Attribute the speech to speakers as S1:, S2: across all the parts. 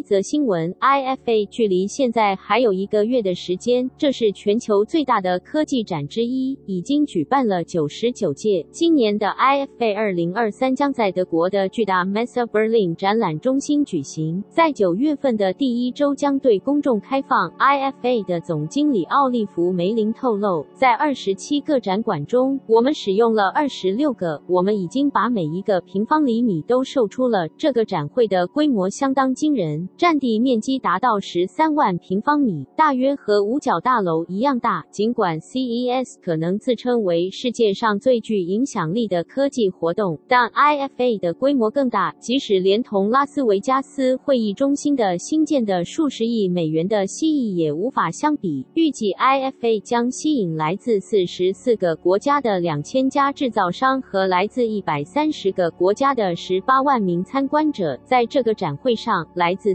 S1: 一則新聞：IFA 距離現在還有一個月的時間，這是全球最大的科技展之一，已經舉辦了九十九屆。今年的 IFA 2023將在德國的巨大 Messe Berlin 展覽中心舉行，在九月份的第一週將對公眾開放。IFA 的總經理奧利弗·梅林透露，在二十七個展館中，我們使用了二十六個，我們已經把每一個平方釐米都售出了。這個展會的規模相當驚人。佔地面積達到十三萬平方米，大約和五角大樓一樣大。儘管 CES 可能自稱為世界上最具影響力的科技活動，但 IFA 的規模更大，即使連同拉斯維加斯會議中心的新建的數十億美元的西翼也無法相比。預計 IFA 將吸引來自四十四個國家的兩千家制造商和來自一百三十個國家的十八萬名參觀者。在這個展會上，來自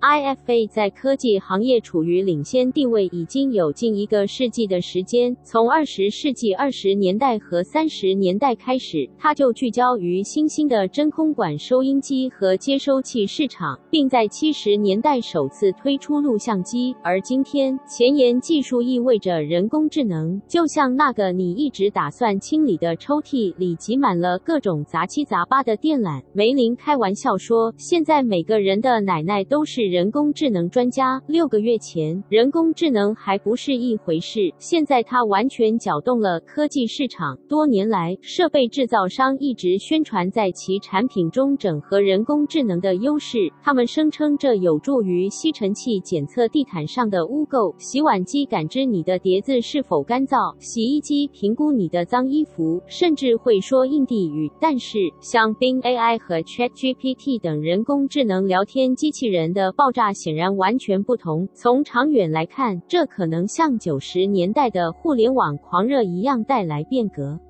S1: IFA 在科技行業處於領先地位已經有近一個世紀的時間。從二十世紀二十年代和三十年代開始，它就聚焦於新興的真空管收音機和接收器市場，並在七十年代首次推出錄像機。而今天，前沿技術意味着人工智能，就像那個你一直打算清理的抽屜裡擠滿了各種雜七雜八的電纜。梅林開玩笑說：“現在每個人的奶奶都是。”人工智能專家，六個月前，人工智能還不是一回事，現在它完全攪動了科技市場。多年來，設備製造商一直宣傳在其產品中整合人工智能的優勢，他們聲稱這有助於吸塵器檢測地毯上的污垢，洗碗機感知你的碟子是否乾燥，洗衣機評估你的髒衣服，甚至會說印地語。但是，像 Bing AI 和 ChatGPT 等人工智能聊天機器人的。爆炸顯然完全不同。從長遠來看，這可能像九十年代的互聯網狂熱一樣帶來變革。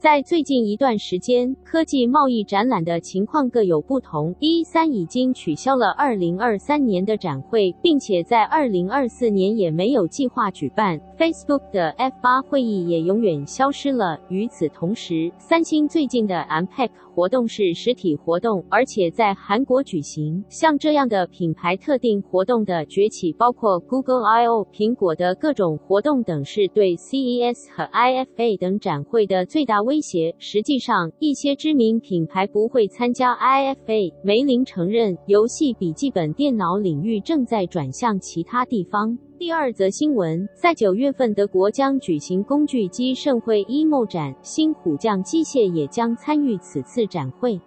S1: 在最近一段時間，科技貿易展覽的情況各有不同。E3 已經取消了2023年的展會，並且在2024年也沒有計劃舉辦。Facebook 的 F8 會議也永遠消失了。與此同時，三星最近的 Unpacked 活動是實體活動，而且在韓國舉行。像這樣的品牌特定活動的崛起，包括 Google I/O、蘋果的各種活動等，是對 CES 和 IFA 等展會的最大威脅。實際上，一些知名品牌不會參加 IFA。梅林承認，遊戲筆記本電腦領域正在轉向其他地方。第二則新聞：在九月份，德國將舉行工具機盛會 EMO 展，新虎將機械也將參與此次展會。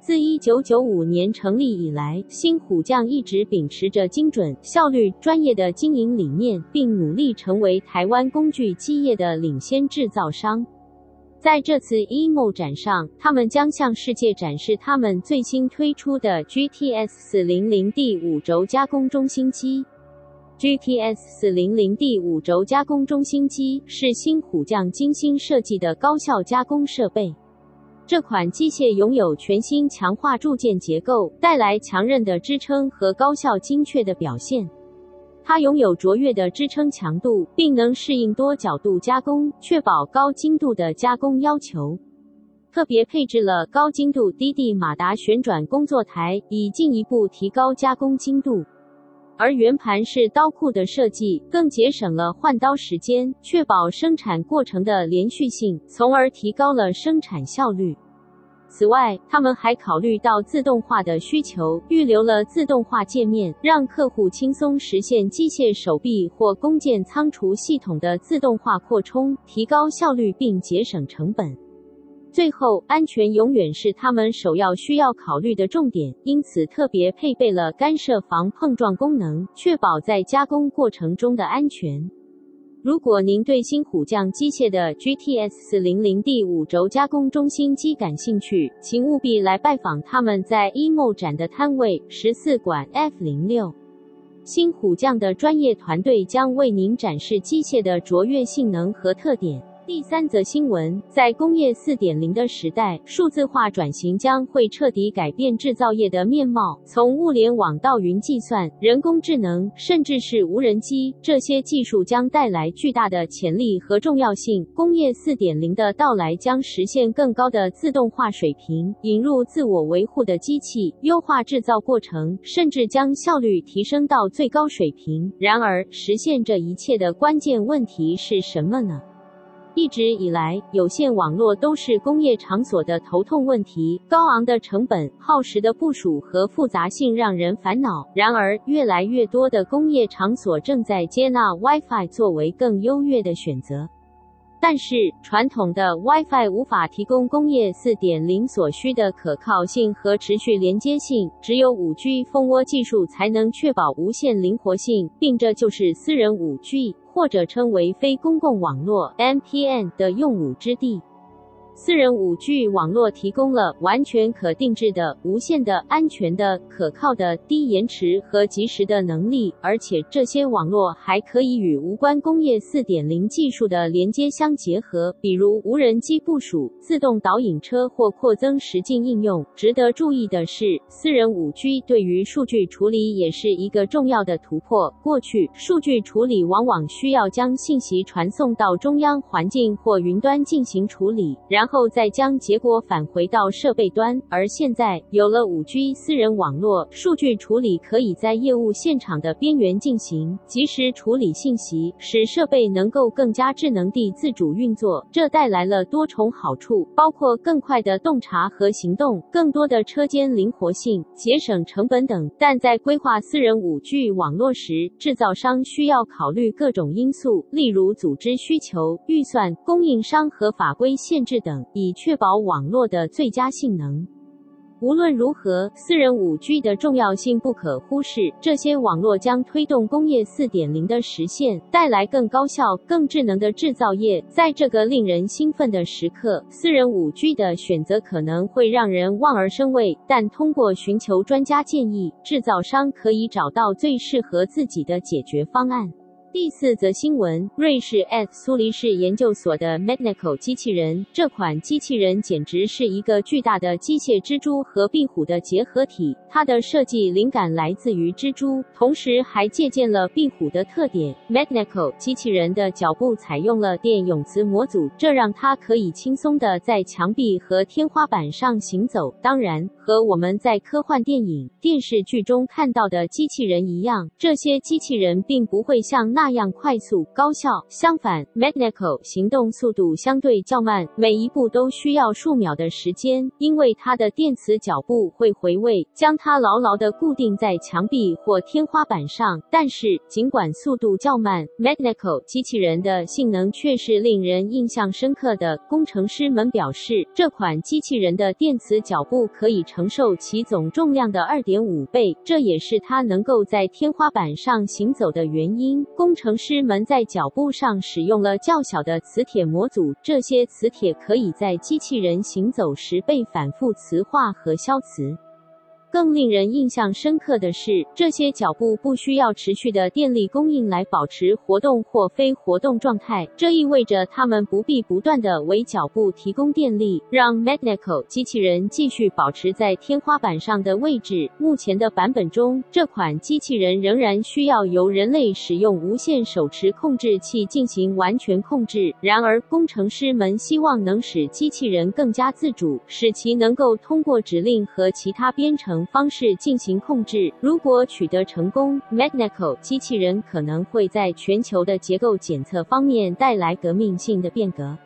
S1: 自一九九五年成立以來，新虎將一直秉持着精準、效率、專業的經營理念，並努力成為台灣工具機業的領先制造商。在這次 EMO 展上，他們將向世界展示他們最新推出的 GT-S400D 五軸加工中心機。GT-S400D 五軸加工中心機是新虎將精心設計的高效加工設備。這款機械擁有全新強化鑄件結構，帶來強韌的支撐和高效精確的表現。它擁有卓越的支撐強度，並能適應多角度加工，確保高精度的加工要求。特別配置了高精度 DD 馬達旋轉工作台，以進一步提高加工精度。而圓盤式刀庫的設計更節省了換刀時間，確保生產過程的連續性，從而提高了生產效率。此外，他們還考慮到自動化的需求，預留了自動化界面，讓客戶輕鬆實現機械手臂或工件倉儲系統的自動化擴充，提高效率並節省成本。最後，安全永遠是他們首要需要考慮的重點，因此特別配備了干涉防碰撞功能，確保在加工過程中的安全。如果您對新虎將機械的 GTS 四零零 D 五軸加工中心機感興趣，請務必來拜訪他們在 EMO 展的攤位十四館 F 零六。新虎將的專業團隊將為您展示機械的卓越性能和特點。第三則新聞，在工業4.0的時代，數字化轉型將會徹底改變製造業的面貌。從物聯網到雲計算、人工智能，甚至是無人機，這些技術將帶來巨大的潛力和重要性。工業4.0的到來將實現更高的自動化水平，引入自我維護的機器，優化製造過程，甚至將效率提升到最高水平。然而，實現這一切的關鍵問題是什麼呢？一直以來，有線網絡都是工業場所的頭痛問題。高昂的成本、耗時的部署和複雜性讓人煩惱。然而，越來越多的工業場所正在接納 Wi-Fi 作為更優越的選擇。但是傳統的 WiFi 無法提供工業4.0所需的可靠性和持續連接性，只有 5G 蜂窩技術才能確保無線靈活性，並這就是私人 5G 或者稱為非公共網絡 （NPN） 的用武之地。私人 5G 網絡提供了完全可定制的、無限的、安全的、可靠的、低延遲和即時的能力，而且這些網絡還可以與無關工業4.0技術的連接相結合，比如無人機部署、自動導引車或擴增實境應用。值得注意的是，私人 5G 對於數據處理也是一個重要的突破。過去，數據處理往往需要將信息傳送到中央環境或雲端進行處理，然後再將結果返回到設備端。而現在有了 5G 私人網絡，數據處理可以在業務現場的邊緣進行，及時處理信息，使設備能夠更加智能地自主運作。這帶來了多重好處，包括更快的洞察和行動、更多的車間靈活性、節省成本等。但在規劃私人 5G 網絡時，製造商需要考慮各種因素，例如組織需求、預算、供應商和法規限制等。以確保網絡的最佳性能。無論如何，私人 5G 的重要性不可忽視。這些網絡將推動工業4.0的實現，帶來更高效、更智能的製造業。在這個令人興奮的時刻，私人 5G 的選擇可能會讓人望而生畏，但通過尋求專家建議，製造商可以找到最適合自己的解決方案。第四則新聞：瑞士 ETH 蘇黎世研究所的 Magnecko 機器人，這款機器人簡直是一個巨大的機械蜘蛛和壁虎的結合體。它的設計靈感來自於蜘蛛，同時還借鑒了壁虎的特點。Magnecko 機器人的腳部採用了電永磁模組，這讓它可以輕鬆地在牆壁和天花板上行走。當然，和我們在科幻電影、電視劇中看到的機器人一樣，這些機器人並不會像那。那樣快速高效。相反，Magnecko 行動速度相對較慢，每一步都需要數秒的時間，因為它的電磁腳步會回位，將它牢牢地固定在牆壁或天花板上。但是，儘管速度較慢，Magnecko 機器人的性能卻是令人印象深刻的。工程師們表示，這款機器人的電磁腳步可以承受其總重量的二點五倍，這也是它能夠在天花板上行走的原因。工程師們在腳部上使用了較小的磁鐵模組，這些磁鐵可以在機器人行走時被反覆磁化和消磁。更令人印象深刻的是，這些腳部不需要持續的電力供應來保持活動或非活動狀態，這意味着他們不必不斷的為腳部提供電力，讓 Magnecko 機器人繼續保持在天花板上的位置。目前的版本中，這款機器人仍然需要由人類使用無線手持控制器進行完全控制。然而，工程師們希望能使機器人更加自主，使其能夠通過指令和其他編程。方式進行控制。如果取得成功，Magnecko 機器人可能會在全球的結構檢測方面帶來革命性的變革。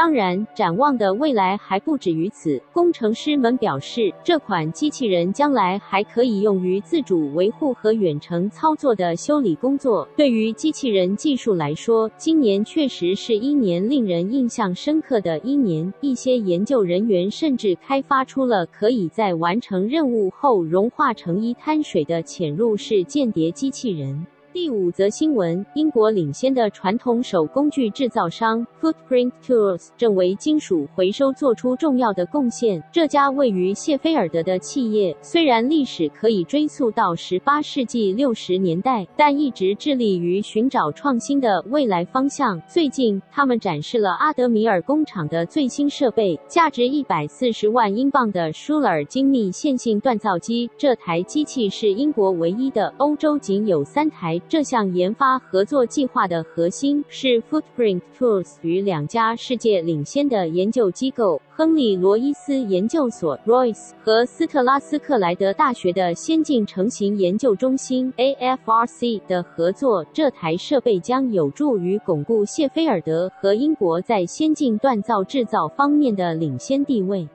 S1: 當然，展望的未來還不止於此。工程師們表示，這款機器人將來還可以用於自主維護和遠程操作的修理工作。對於機器人技術來說，今年確實是一年令人印象深刻的一年。一些研究人員甚至開發出了可以在完成任務後融化成一灘水的潛入式間諜機器人。第五則新聞：英國領先的傳統手工具製造商 Footprint Tools 正為金屬回收做出重要的貢獻。這家位於謝菲爾德的企業，雖然歷史可以追溯到18世紀60年代，但一直致力於尋找創新的未來方向。最近，他們展示了阿德米爾工廠的最新設備——價值140萬英鎊的 Schuler 精密線性鍛造機。這台機器是英國唯一的，歐洲僅有三台。這項研發合作計劃的核心是 Footprint Tools 與兩家世界領先的研究機構——亨利·羅伊斯研究所 （Royce） 和斯特拉斯克萊德大學的先進成型研究中心 （AFRC） 的合作。這台設備將有助於鞏固謝菲爾德和英國在先進鍛造制造方面的領先地位。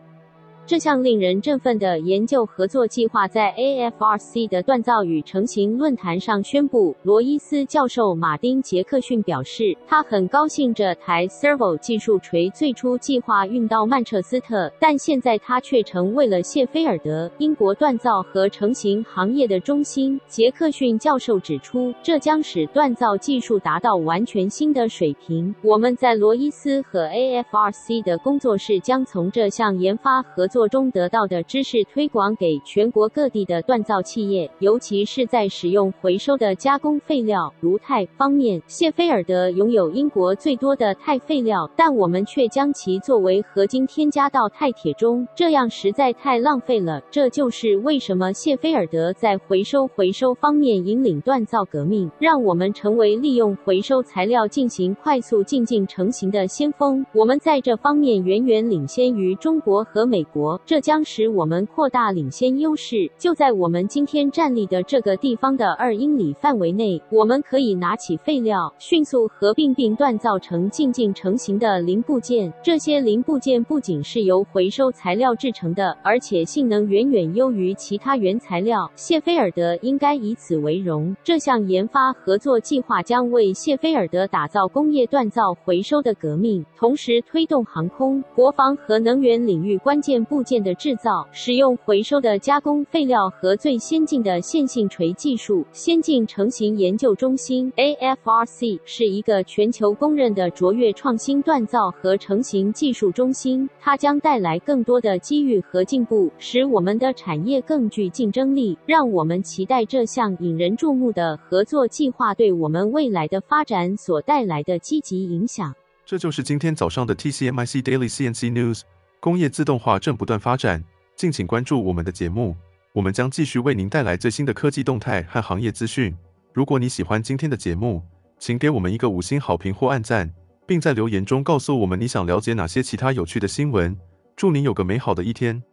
S1: 這項令人振奮的研究合作計劃在 AFRC 的鍛造與成型論壇上宣布。羅伊斯教授馬丁·傑克遜表示，他很高興這台 Servo 技術錘最初計劃運到曼徹斯特，但現在它卻成為了謝菲爾德，英國鍛造和成型行業的中心。傑克遜教授指出，這將使鍛造技術達到完全新的水平。我們在羅伊斯和 AFRC 的工作室將從這項研發合作。作中得到的知識推廣給全國各地的鍛造企業，尤其是在使用回收的加工廢料如鈦方面。謝菲爾德擁有英國最多的鈦廢料，但我們卻將其作為合金添加到鈦鐵中，這樣實在太浪費了。這就是為什麼謝菲爾德在回收回收方面引領鍛造革命，讓我們成為利用回收材料進行快速近淨成型的先鋒。我們在這方面遠遠領先於中國和美國。這將使我們擴大領先優勢。就在我們今天站立的這個地方的二英里範圍內，我們可以拿起廢料，迅速合併並鍛造成近淨成型的零部件。這些零部件不僅是由回收材料制成的，而且性能遠遠優於其他原材料。謝菲爾德應該以此為榮。這項研發合作計劃將為謝菲爾德打造工業鍛造回收的革命，同時推動航空、國防和能源領域關鍵部。部件的製造使用回收的加工廢料和最先進的線性錘技術，先進成型研究中心 （AFRC） 是一個全球公認的卓越創新鍛造和成型技術中心。它將帶來更多的機遇和進步，使我們的產業更具競爭力。讓我們期待這項引人注目的合作計劃對我們未來的發展所帶來的積極影響。這就是今天早上的 TCMIC Daily CNC News。工業自動化正不斷發展，敬請關注我們的節目。我們將繼續為您帶來最新的科技動態和行業資訊。如果你喜歡今天的節目，請給我們一個五星好評或按讚，並在留言中告訴我們你想了解哪些其他有趣的新聞。祝您有個美好的一天！